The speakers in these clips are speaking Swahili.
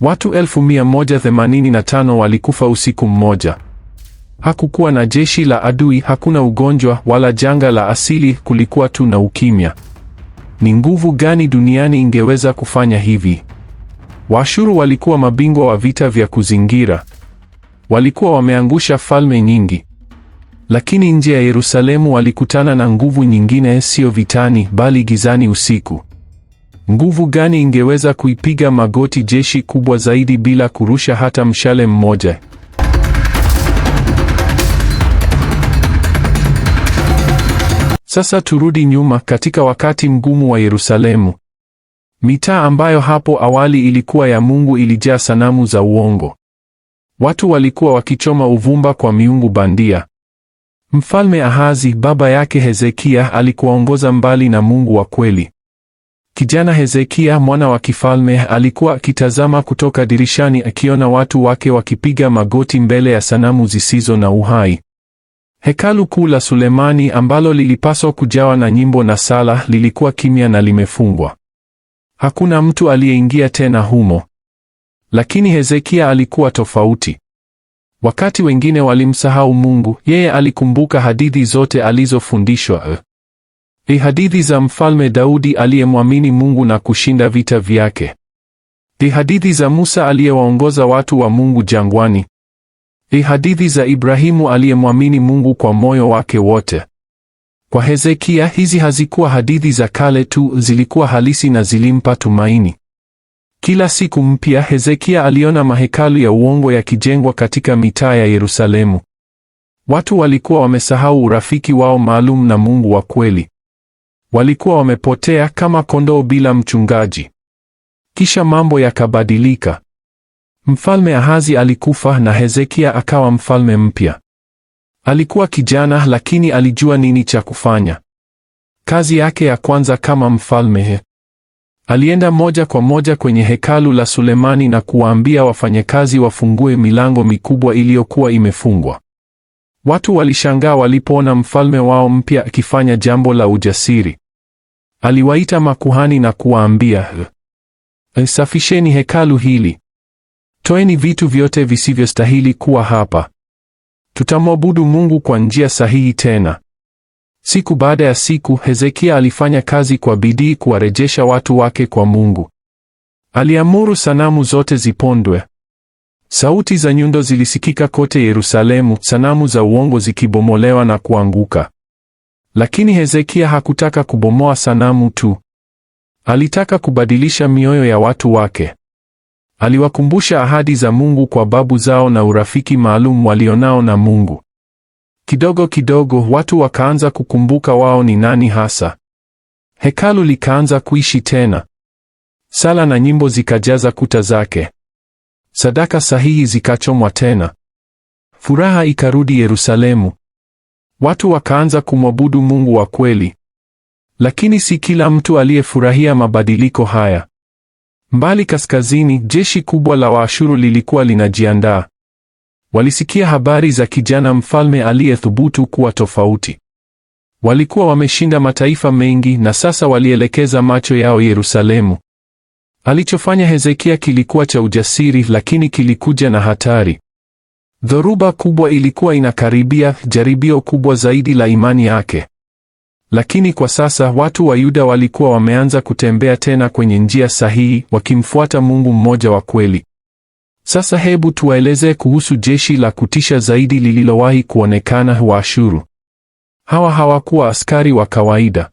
Watu 1185 walikufa usiku mmoja. Hakukuwa na jeshi la adui, hakuna ugonjwa wala janga la asili, kulikuwa tu na ukimya. Ni nguvu gani duniani ingeweza kufanya hivi? Waashuru walikuwa mabingwa wa vita vya kuzingira. Walikuwa wameangusha falme nyingi. Lakini nje ya Yerusalemu walikutana na nguvu nyingine, sio vitani, bali gizani usiku. Nguvu gani ingeweza kuipiga magoti jeshi kubwa zaidi bila kurusha hata mshale mmoja? Sasa turudi nyuma katika wakati mgumu wa Yerusalemu. Mitaa ambayo hapo awali ilikuwa ya Mungu ilijaa sanamu za uongo. Watu walikuwa wakichoma uvumba kwa miungu bandia. Mfalme Ahazi baba yake Hezekia alikuwaongoza mbali na Mungu wa kweli. Kijana Hezekia mwana wa kifalme alikuwa akitazama kutoka dirishani akiona watu wake wakipiga magoti mbele ya sanamu zisizo na uhai. Hekalu kuu la Sulemani ambalo lilipaswa kujawa na nyimbo na sala lilikuwa kimya na limefungwa. Hakuna mtu aliyeingia tena humo. Lakini Hezekia alikuwa tofauti. Wakati wengine walimsahau Mungu, yeye alikumbuka hadithi zote alizofundishwa. Ni hadithi za mfalme Daudi aliyemwamini Mungu na kushinda vita vyake. Ni hadithi za Musa aliyewaongoza watu wa Mungu jangwani. Ni hadithi za Ibrahimu aliyemwamini Mungu kwa moyo wake wote. Kwa Hezekia, hizi hazikuwa hadithi za kale tu, zilikuwa halisi na zilimpa tumaini. Kila siku mpya, Hezekia aliona mahekalu ya uongo yakijengwa katika mitaa ya Yerusalemu. Watu walikuwa wamesahau urafiki wao maalum na Mungu wa kweli. Walikuwa wamepotea kama kondoo bila mchungaji. Kisha mambo yakabadilika. Mfalme Ahazi alikufa na Hezekia akawa mfalme mpya. Alikuwa kijana lakini alijua nini cha kufanya. Kazi yake ya kwanza kama mfalme he. Alienda moja kwa moja kwenye hekalu la Sulemani na kuwaambia wafanyakazi wafungue milango mikubwa iliyokuwa imefungwa. Watu walishangaa walipoona mfalme wao mpya akifanya jambo la ujasiri. Aliwaita makuhani na kuwaambia, safisheni hekalu hili, toeni vitu vyote visivyostahili kuwa hapa, tutamwabudu Mungu kwa njia sahihi tena. Siku baada ya siku, Hezekia alifanya kazi kwa bidii kuwarejesha watu wake kwa Mungu. Aliamuru sanamu zote zipondwe. Sauti za nyundo zilisikika kote Yerusalemu, sanamu za uongo zikibomolewa na kuanguka. Lakini Hezekia hakutaka kubomoa sanamu tu. Alitaka kubadilisha mioyo ya watu wake. Aliwakumbusha ahadi za Mungu kwa babu zao na urafiki maalum walionao na Mungu. Kidogo kidogo watu wakaanza kukumbuka wao ni nani hasa. Hekalu likaanza kuishi tena. Sala na nyimbo zikajaza kuta zake. Sadaka sahihi zikachomwa tena. Furaha ikarudi Yerusalemu. Watu wakaanza kumwabudu Mungu wa kweli, lakini si kila mtu aliyefurahia mabadiliko haya. Mbali kaskazini, jeshi kubwa la Waashuru lilikuwa linajiandaa. Walisikia habari za kijana mfalme aliyethubutu kuwa tofauti. Walikuwa wameshinda mataifa mengi na sasa walielekeza macho yao Yerusalemu. Alichofanya Hezekia kilikuwa cha ujasiri, lakini kilikuja na hatari. Dhoruba kubwa ilikuwa inakaribia, jaribio kubwa zaidi la imani yake. Lakini kwa sasa watu wa Yuda walikuwa wameanza kutembea tena kwenye njia sahihi, wakimfuata Mungu mmoja wa kweli. Sasa hebu tuwaeleze kuhusu jeshi la kutisha zaidi lililowahi kuonekana, Waashuru. Hawa hawakuwa askari wa kawaida,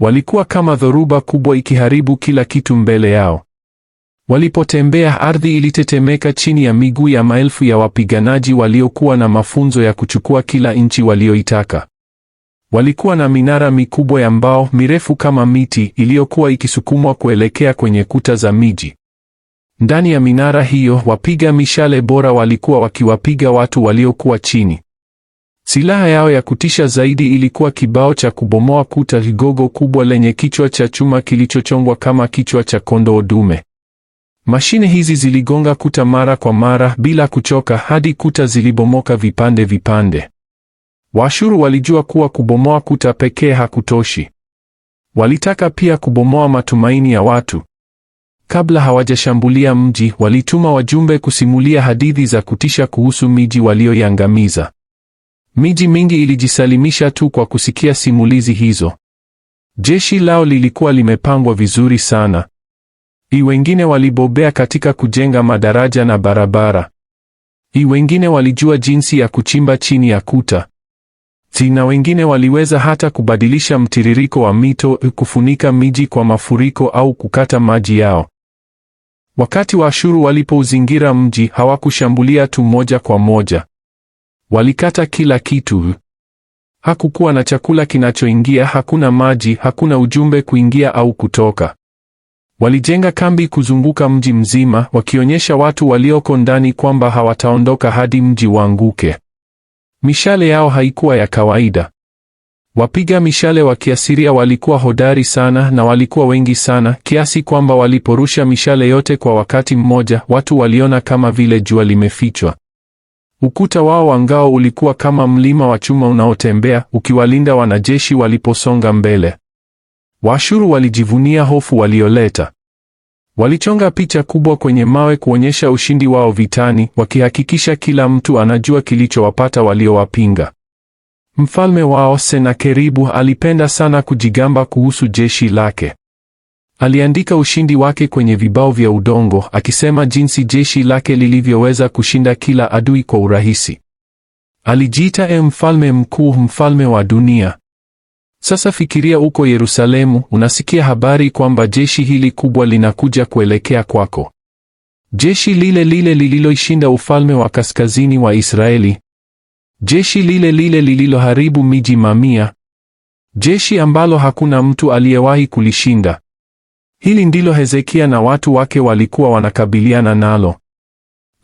walikuwa kama dhoruba kubwa ikiharibu kila kitu mbele yao. Walipotembea, ardhi ilitetemeka chini ya miguu ya maelfu ya wapiganaji waliokuwa na mafunzo ya kuchukua kila nchi walioitaka. Walikuwa na minara mikubwa ya mbao mirefu kama miti iliyokuwa ikisukumwa kuelekea kwenye kuta za miji. Ndani ya minara hiyo, wapiga mishale bora walikuwa wakiwapiga watu waliokuwa chini. Silaha yao ya kutisha zaidi ilikuwa kibao cha kubomoa kuta, gogo kubwa lenye kichwa cha chuma kilichochongwa kama kichwa cha kondoo dume. Mashine hizi ziligonga kuta mara kwa mara bila kuchoka hadi kuta zilibomoka vipande vipande. Waashuru walijua kuwa kubomoa kuta pekee hakutoshi. Walitaka pia kubomoa matumaini ya watu. Kabla hawajashambulia mji, walituma wajumbe kusimulia hadithi za kutisha kuhusu miji walioiangamiza. Miji mingi ilijisalimisha tu kwa kusikia simulizi hizo. Jeshi lao lilikuwa limepangwa vizuri sana. I wengine walibobea katika kujenga madaraja na barabara. I wengine walijua jinsi ya kuchimba chini ya kuta. Tina wengine waliweza hata kubadilisha mtiririko wa mito, kufunika miji kwa mafuriko au kukata maji yao. Wakati wa Ashuru walipouzingira mji, hawakushambulia tu moja kwa moja. Walikata kila kitu. Hakukuwa na chakula kinachoingia, hakuna maji, hakuna ujumbe kuingia au kutoka. Walijenga kambi kuzunguka mji mzima, wakionyesha watu walioko ndani kwamba hawataondoka hadi mji waanguke. Mishale yao haikuwa ya kawaida. Wapiga mishale wa Kiasiria walikuwa hodari sana na walikuwa wengi sana kiasi kwamba waliporusha mishale yote kwa wakati mmoja, watu waliona kama vile jua limefichwa. Ukuta wao wa ngao ulikuwa kama mlima wa chuma unaotembea ukiwalinda wanajeshi waliposonga mbele. Washuru walijivunia hofu walioleta. Walichonga picha kubwa kwenye mawe kuonyesha ushindi wao vitani, wakihakikisha kila mtu anajua kilichowapata waliowapinga. Mfalme wao Senakeribu alipenda sana kujigamba kuhusu jeshi lake. Aliandika ushindi wake kwenye vibao vya udongo, akisema jinsi jeshi lake lilivyoweza kushinda kila adui kwa urahisi. Alijiita e, mfalme mkuu, mfalme wa dunia. Sasa fikiria uko Yerusalemu, unasikia habari kwamba jeshi hili kubwa linakuja kuelekea kwako. Jeshi lile lile lililoishinda ufalme wa kaskazini wa Israeli. Jeshi lile lile lililoharibu miji mamia. Jeshi ambalo hakuna mtu aliyewahi kulishinda. Hili ndilo Hezekia na watu wake walikuwa wanakabiliana nalo.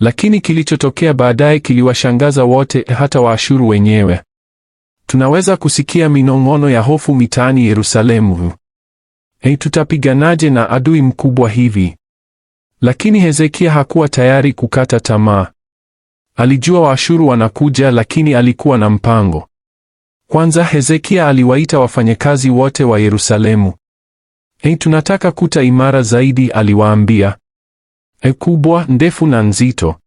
Lakini kilichotokea baadaye kiliwashangaza wote, hata Waashuru wenyewe. Tunaweza kusikia minong'ono ya hofu mitaani Yerusalemu. Hei, tutapiganaje na adui mkubwa hivi? Lakini Hezekia hakuwa tayari kukata tamaa. Alijua Waashuru wanakuja, lakini alikuwa na mpango. Kwanza Hezekia aliwaita wafanyakazi wote wa Yerusalemu. Hei, tunataka kuta imara zaidi, aliwaambia. Hei kubwa, ndefu na nzito.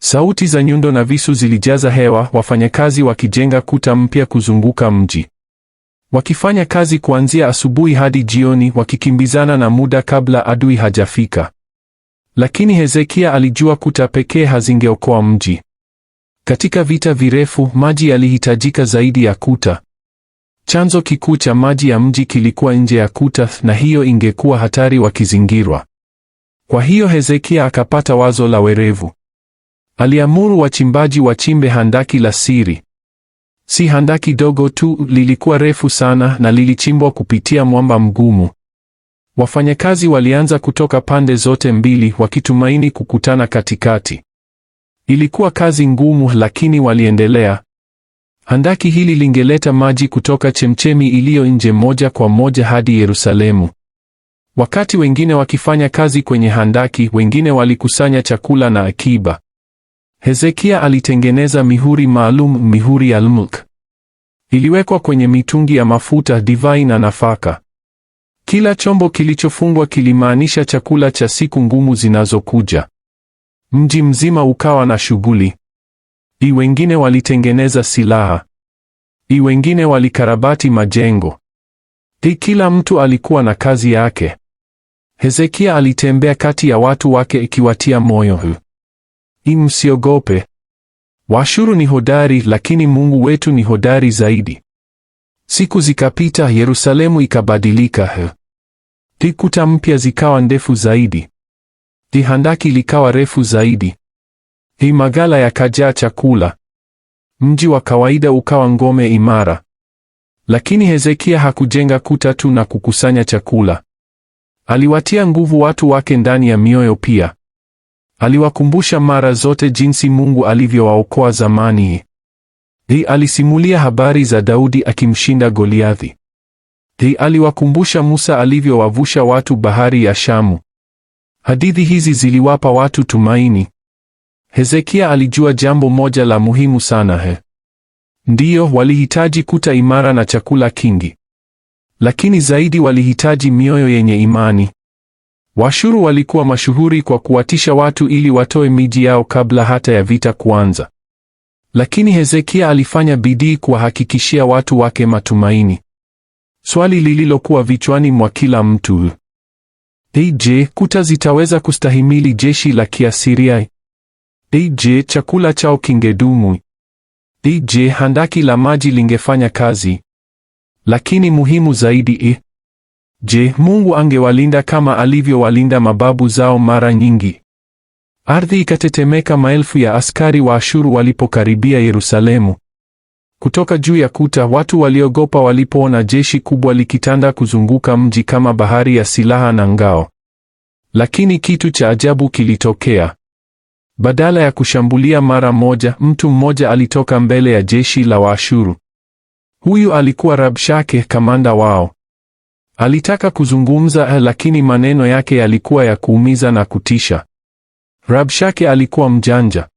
Sauti za nyundo na visu zilijaza hewa, wafanyakazi wakijenga kuta mpya kuzunguka mji, wakifanya kazi kuanzia asubuhi hadi jioni, wakikimbizana na muda kabla adui hajafika. Lakini Hezekia alijua kuta pekee hazingeokoa mji. Katika vita virefu, maji yalihitajika zaidi ya kuta. Chanzo kikuu cha maji ya mji kilikuwa nje ya kuta, na hiyo ingekuwa hatari wakizingirwa. Kwa hiyo Hezekia akapata wazo la werevu. Aliamuru wachimbaji wachimbe handaki la siri. Si handaki dogo tu, lilikuwa refu sana na lilichimbwa kupitia mwamba mgumu. Wafanyakazi walianza kutoka pande zote mbili wakitumaini kukutana katikati. Ilikuwa kazi ngumu, lakini waliendelea. Handaki hili lingeleta maji kutoka chemchemi iliyo nje moja kwa moja hadi Yerusalemu. Wakati wengine wakifanya kazi kwenye handaki, wengine walikusanya chakula na akiba. Hezekia alitengeneza mihuri maalum, mihuri ya almuk. Iliwekwa kwenye mitungi ya mafuta, divai na nafaka. Kila chombo kilichofungwa kilimaanisha chakula cha siku ngumu zinazokuja. Mji mzima ukawa na shughuli. I wengine walitengeneza silaha, i wengine walikarabati majengo. I kila mtu alikuwa na kazi yake. Hezekia alitembea kati ya watu wake ikiwatia moyo i msiogope. Washuru ni hodari, lakini Mungu wetu ni hodari zaidi. Siku zikapita, Yerusalemu ikabadilika. Kuta mpya zikawa ndefu zaidi, tihandaki likawa refu zaidi, magala yakajaa chakula, mji wa kawaida ukawa ngome imara. Lakini Hezekia hakujenga kuta tu na kukusanya chakula, aliwatia nguvu watu wake ndani ya mioyo pia. Aliwakumbusha mara zote jinsi Mungu alivyowaokoa zamani. Hii alisimulia habari za Daudi akimshinda Goliathi. Hii aliwakumbusha Musa alivyowavusha watu bahari ya Shamu. Hadithi hizi ziliwapa watu tumaini. Hezekia alijua jambo moja la muhimu sana he. Ndiyo, walihitaji kuta imara na chakula kingi, lakini zaidi walihitaji mioyo yenye imani. Washuru walikuwa mashuhuri kwa kuwatisha watu ili watoe miji yao kabla hata ya vita kuanza. Lakini Hezekia alifanya bidii kuwahakikishia watu wake matumaini. Swali lililokuwa vichwani mwa kila mtu, je, kuta zitaweza kustahimili jeshi la Kiasiria? Je, chakula chao kingedumu? Je, handaki la maji lingefanya kazi? Lakini muhimu zaidi, eh, Je, Mungu angewalinda kama alivyowalinda mababu zao mara nyingi? Ardhi ikatetemeka maelfu ya askari wa Ashuru walipokaribia Yerusalemu. Kutoka juu ya kuta watu waliogopa walipoona jeshi kubwa likitanda kuzunguka mji kama bahari ya silaha na ngao. Lakini kitu cha ajabu kilitokea. Badala ya kushambulia mara moja, mtu mmoja alitoka mbele ya jeshi la Waashuru. Huyu alikuwa Rabshake, kamanda wao. Alitaka kuzungumza eh, lakini maneno yake yalikuwa ya kuumiza na kutisha. Rabshake alikuwa mjanja.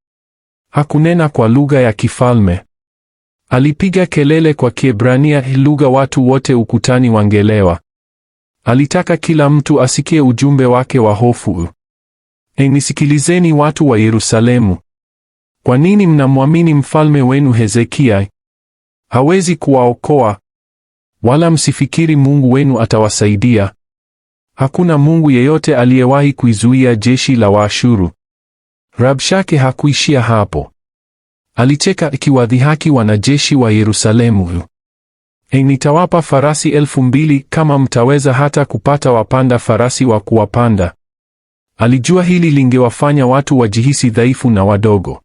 Hakunena kwa lugha ya kifalme. Alipiga kelele kwa Kiebrania, eh, lugha watu wote ukutani wangelewa. Alitaka kila mtu asikie ujumbe wake wa hofu. Eh, nisikilizeni watu wa Yerusalemu. Kwa nini mnamwamini mfalme wenu Hezekia? Hawezi kuwaokoa. Wala msifikiri Mungu wenu atawasaidia. Hakuna Mungu yeyote aliyewahi kuizuia jeshi la Waashuru. Rabshake hakuishia hapo. Alicheka akiwadhihaki wanajeshi wa Yerusalemu. E, nitawapa farasi elfu mbili kama mtaweza hata kupata wapanda farasi wa kuwapanda. Alijua hili lingewafanya watu wajihisi dhaifu na wadogo.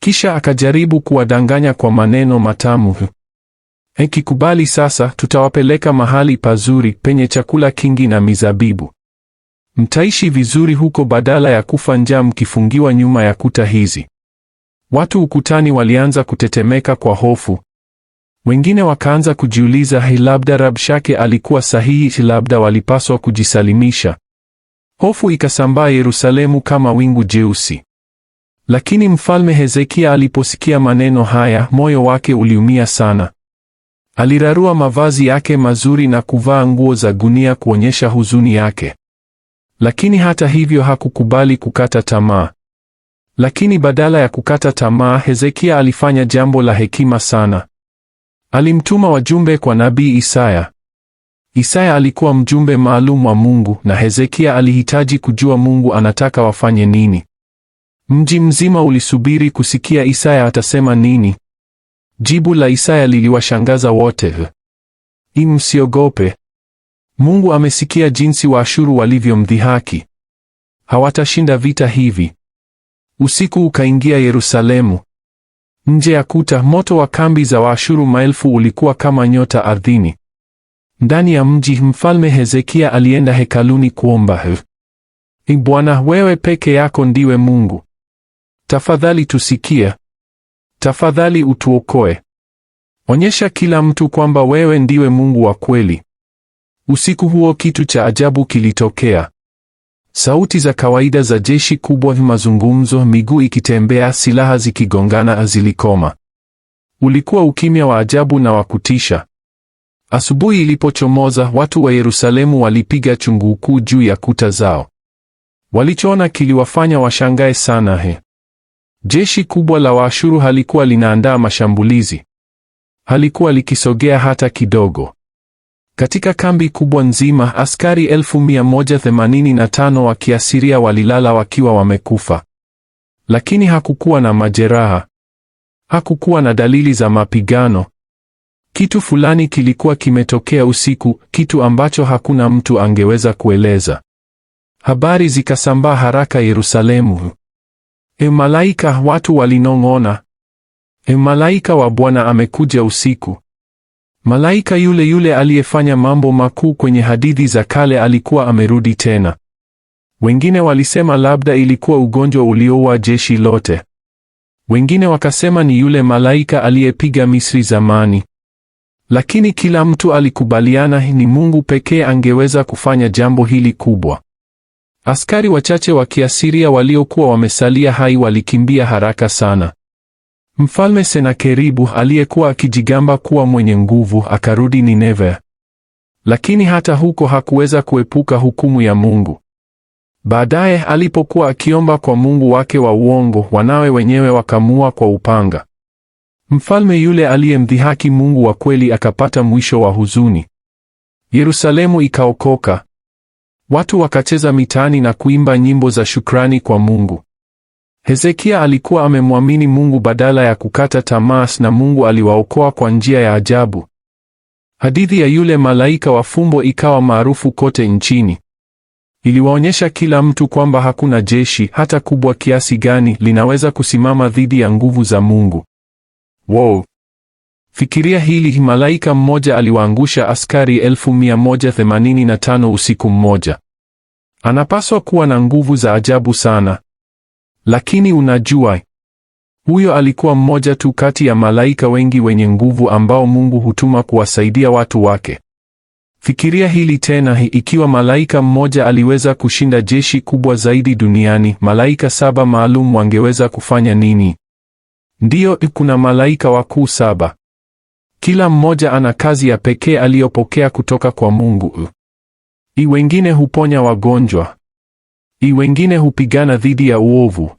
Kisha akajaribu kuwadanganya kwa maneno matamu. Ekikubali sasa, tutawapeleka mahali pazuri penye chakula kingi na mizabibu. Mtaishi vizuri huko badala ya kufa njaa mkifungiwa nyuma ya kuta hizi. Watu ukutani walianza kutetemeka kwa hofu. Wengine wakaanza kujiuliza, hi, labda Rabshake alikuwa sahihi, labda walipaswa kujisalimisha. Hofu ikasambaa Yerusalemu kama wingu jeusi. Lakini Mfalme Hezekia aliposikia maneno haya, moyo wake uliumia sana. Alirarua mavazi yake mazuri na kuvaa nguo za gunia kuonyesha huzuni yake. Lakini hata hivyo hakukubali kukata tamaa. Lakini badala ya kukata tamaa, Hezekia alifanya jambo la hekima sana. Alimtuma wajumbe kwa nabii Isaya. Isaya alikuwa mjumbe maalum wa Mungu na Hezekia alihitaji kujua Mungu anataka wafanye nini. Mji mzima ulisubiri kusikia Isaya atasema nini. Jibu la Isaya liliwashangaza wote. imsiogope msiogope. Mungu amesikia jinsi Waashuru walivyomdhihaki. Hawatashinda vita hivi. Usiku ukaingia Yerusalemu. Nje ya kuta, moto wa kambi za Waashuru maelfu ulikuwa kama nyota ardhini. Ndani ya mji, Mfalme Hezekia alienda hekaluni kuomba. Ee Bwana, wewe peke yako ndiwe Mungu. Tafadhali tusikia. Tafadhali utuokoe. Onyesha kila mtu kwamba wewe ndiwe Mungu wa kweli. Usiku huo kitu cha ajabu kilitokea. Sauti za kawaida za jeshi kubwa, mazungumzo, miguu ikitembea, silaha zikigongana zilikoma. Ulikuwa ukimya wa ajabu na wa kutisha. Asubuhi ilipochomoza, watu wa Yerusalemu walipiga chungu kuu juu ya kuta zao. Walichoona kiliwafanya washangae sana he. Jeshi kubwa la Waashuru halikuwa linaandaa mashambulizi, halikuwa likisogea hata kidogo. Katika kambi kubwa nzima, askari 1185 wa Kiasiria walilala wakiwa wamekufa, lakini hakukuwa na majeraha, hakukuwa na dalili za mapigano. Kitu fulani kilikuwa kimetokea usiku, kitu ambacho hakuna mtu angeweza kueleza. Habari zikasambaa haraka Yerusalemu. E malaika, watu walinong'ona. E malaika wa Bwana amekuja usiku. Malaika yule yule aliyefanya mambo makuu kwenye hadithi za kale alikuwa amerudi tena. Wengine walisema labda ilikuwa ugonjwa ulioua jeshi lote. Wengine wakasema ni yule malaika aliyepiga Misri zamani. Lakini kila mtu alikubaliana ni Mungu pekee angeweza kufanya jambo hili kubwa. Askari wachache wa Kiasiria waliokuwa wamesalia hai walikimbia haraka sana. Mfalme Senakeribu aliyekuwa akijigamba kuwa mwenye nguvu akarudi Nineve. Lakini hata huko hakuweza kuepuka hukumu ya Mungu. Baadaye alipokuwa akiomba kwa Mungu wake wa uongo, wanawe wenyewe wakamua kwa upanga. Mfalme yule aliyemdhihaki Mungu wa kweli akapata mwisho wa huzuni. Yerusalemu ikaokoka. Watu wakacheza mitaani na kuimba nyimbo za shukrani kwa Mungu. Hezekia alikuwa amemwamini Mungu badala ya kukata tamaa, na Mungu aliwaokoa kwa njia ya ajabu. Hadithi ya yule malaika wa fumbo ikawa maarufu kote nchini. Iliwaonyesha kila mtu kwamba hakuna jeshi hata kubwa kiasi gani linaweza kusimama dhidi ya nguvu za Mungu. Wow. Fikiria hili, malaika mmoja aliwaangusha askari 1185 usiku mmoja. Anapaswa kuwa na nguvu za ajabu sana. Lakini unajua, huyo alikuwa mmoja tu kati ya malaika wengi wenye nguvu ambao Mungu hutuma kuwasaidia watu wake. Fikiria hili tena, ikiwa malaika mmoja aliweza kushinda jeshi kubwa zaidi duniani, malaika saba maalum wangeweza kufanya nini? Ndiyo, kuna malaika wakuu saba. Kila mmoja ana kazi ya pekee aliyopokea kutoka kwa Mungu. I wengine huponya wagonjwa, i wengine hupigana dhidi ya uovu,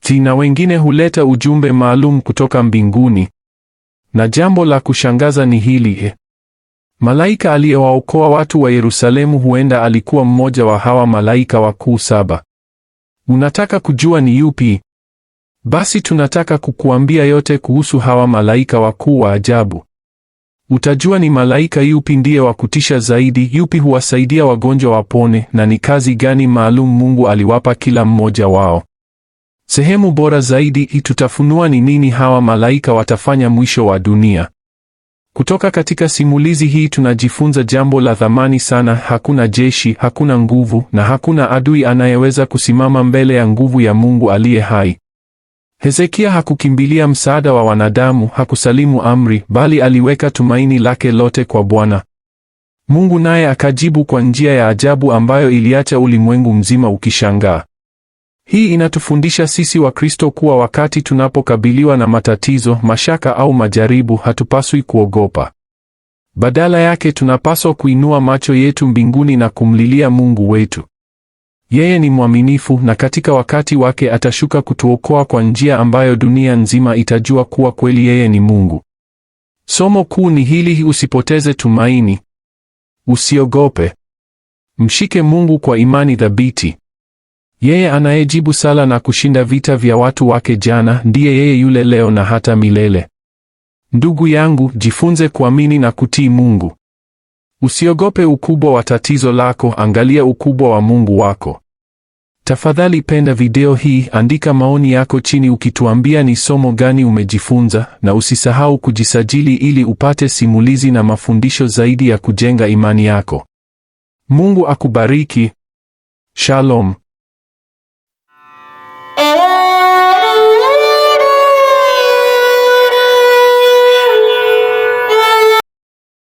tina wengine huleta ujumbe maalum kutoka mbinguni. Na jambo la kushangaza ni hili: eh. malaika aliyewaokoa watu wa Yerusalemu huenda alikuwa mmoja wa hawa malaika wakuu saba. Unataka kujua ni yupi? Basi tunataka kukuambia yote kuhusu hawa malaika wakuu wa ajabu. Utajua ni malaika yupi ndiye wa kutisha zaidi, yupi huwasaidia wagonjwa wapone, na ni kazi gani maalum Mungu aliwapa kila mmoja wao. Sehemu bora zaidi itutafunua ni nini hawa malaika watafanya mwisho wa dunia. Kutoka katika simulizi hii tunajifunza jambo la thamani sana: hakuna jeshi, hakuna nguvu na hakuna adui anayeweza kusimama mbele ya nguvu ya Mungu aliye hai. Hezekia hakukimbilia msaada wa wanadamu, hakusalimu amri, bali aliweka tumaini lake lote kwa Bwana. Mungu naye akajibu kwa njia ya ajabu ambayo iliacha ulimwengu mzima ukishangaa. Hii inatufundisha sisi Wakristo kuwa wakati tunapokabiliwa na matatizo, mashaka au majaribu, hatupaswi kuogopa. Badala yake tunapaswa kuinua macho yetu mbinguni na kumlilia Mungu wetu. Yeye ni mwaminifu na katika wakati wake atashuka kutuokoa kwa njia ambayo dunia nzima itajua kuwa kweli yeye ni Mungu. Somo kuu ni hili: usipoteze tumaini, usiogope, mshike Mungu kwa imani thabiti. Yeye anayejibu sala na kushinda vita vya watu wake jana, ndiye yeye yule leo na hata milele. Ndugu yangu, jifunze kuamini na kutii Mungu. Usiogope ukubwa wa tatizo lako, angalia ukubwa wa Mungu wako. Tafadhali penda video hii, andika maoni yako chini ukituambia ni somo gani umejifunza, na usisahau kujisajili ili upate simulizi na mafundisho zaidi ya kujenga imani yako. Mungu akubariki. Shalom.